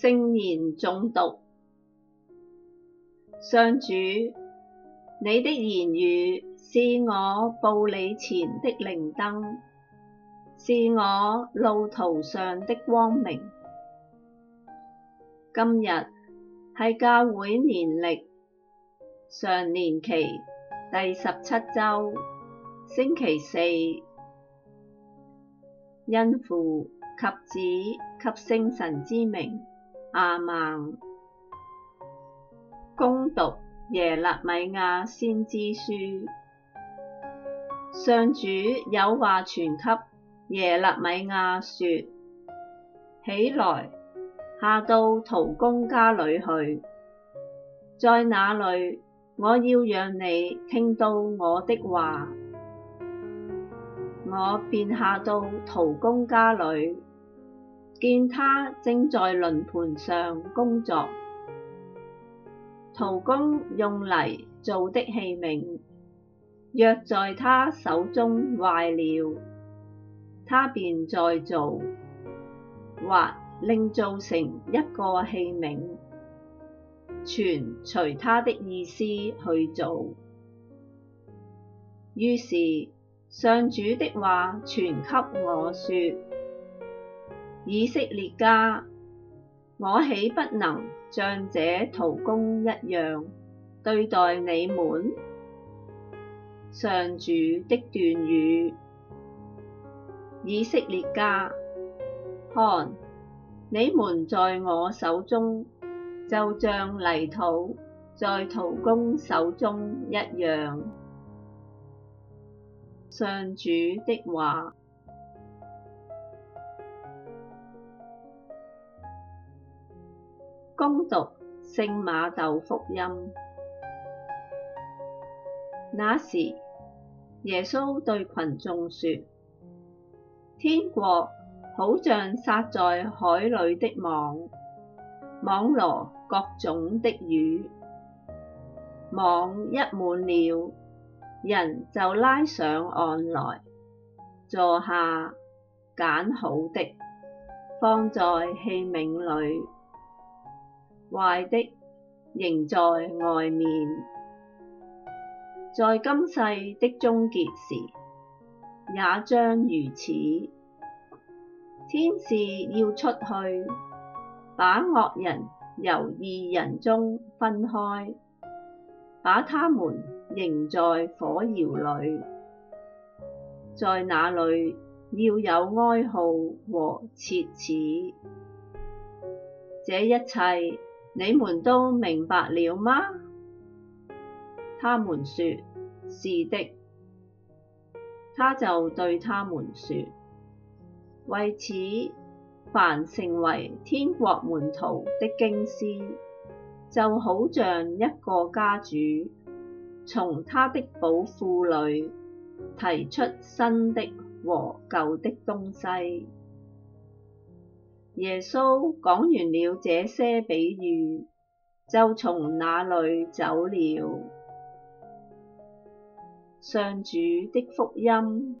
聖言誦讀。上主，你的言語是我步履前的靈燈，是我路途上的光明。今日係教會年曆常年期第十七周星期四，因父及子及聖神之名。亞孟。恭讀耶肋米亞先知書。上主有話傳給耶肋米亞說，起來，下到陶工家裏去，在那裏我要讓你聽到我的話。我便下到陶工家裏。見他正在輪盤上工作，陶工用泥做的器皿，若在他手中壞了，他便再做，或另做成一個器皿，全隨他的意思去做。於是上主的話傳給我說。以色列家，我豈不能像這陶工一樣對待你們？上主的斷語：以色列家，看，你們在我手中，就像泥土在陶工手中一樣。上主的話。恭讀《聖瑪竇福音》。那時，耶穌對群眾説：天國好像撒在海裏的網，網羅各種的魚。網一滿了，人就拉上岸來，坐下，揀好的，放在器皿裏。壞的扔在外面，在今世的終結時，也將如此。天使要出去，把惡人由義人中分開，把他們扔在火窯裏，在那裏要有哀號和切齒。這一切。你們都明白了嗎？他們說，是的。他就對他們說：為此，凡成為天國門徒的經師，就好像一個家主，從他的寶庫裏，提出新的和舊的東西。耶穌講完了這些比喻，就從那裏走了。上主的福音。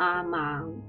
亞孟。